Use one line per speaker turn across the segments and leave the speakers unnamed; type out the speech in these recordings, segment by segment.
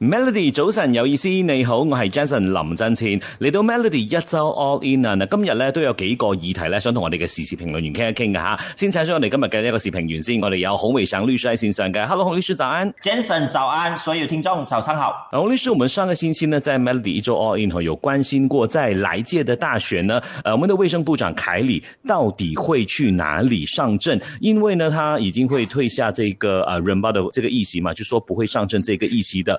Melody 早晨有意思，你好，我係 Jason 林振清嚟到 Melody 一周 All In 啊，今日呢，都有幾個議題呢，想同我哋嘅時事評論員傾一傾嘅吓，先請出我哋今日嘅一個時評員先，我哋有洪維祥律師喺綫上嘅，Hello 洪律師早安，Jason 早安，所有聽眾早上好。洪律師，我們上個星期呢在 Melody 一周 All In 嗬，有關心過在來屆嘅大選呢，呃、我們的衛生部長凱里到底會去哪裏上陣？因為呢，他已經會退下這個誒 Rembau、啊、這個議席嘛，就說不會上陣這個議席的。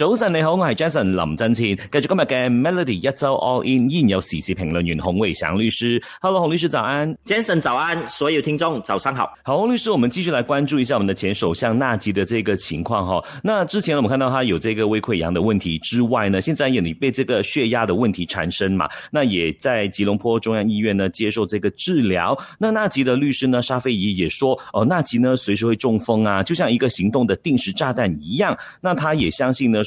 首先你好，我係 Jason 林振前，繼續今日嘅 Melody 一周 All In，依然有時事評論員洪維祥律師，Hello，洪律師早安，Jason 早安，所有聽眾早上好。好，洪律師，我們繼續來關注一下我們的前首相納吉的這個情況哈，那之前呢，我們看到他有這個胃潰瘍的問題之外呢，現在也你被這個血壓的問題纏身嘛，那也在吉隆坡中央醫院呢接受這個治療，那納吉的律師呢沙菲儀也說，哦，納吉呢隨時會中風啊，就像一個行動的定時炸彈一樣，那他也相信呢。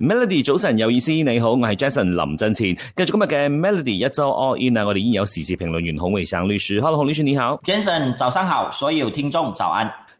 Melody，早晨有意思，你好，我係 Jason 林振前，繼續今日嘅 Melody 一周 All In，我哋已經有時事評論員孔維省律師，Hello，孔律師你好，Jason 早上好，所有聽眾早安。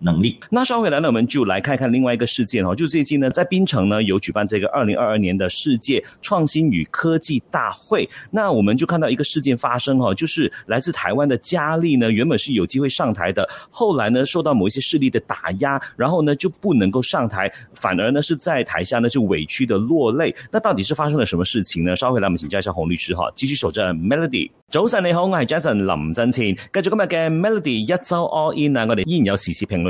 能力。那稍回後來呢，我們就來看一看另外一個事件哦。就最近呢，在檳城呢有舉辦這個二零二二年的世界創新與科技大會。那我們就看到一個事件發生哦，就是來自台灣的佳麗呢，原本是有機會上台的，後來呢受到某一些勢力的打壓，然後呢就不能夠上台，反而呢是在台下呢就委屈的落淚。那到底是發生了什麼事情呢？稍後回來我們請教一下洪律師哈、哦。繼續守着 Melody 你好，我係 Jason 林 Melody 一周 All In 評論。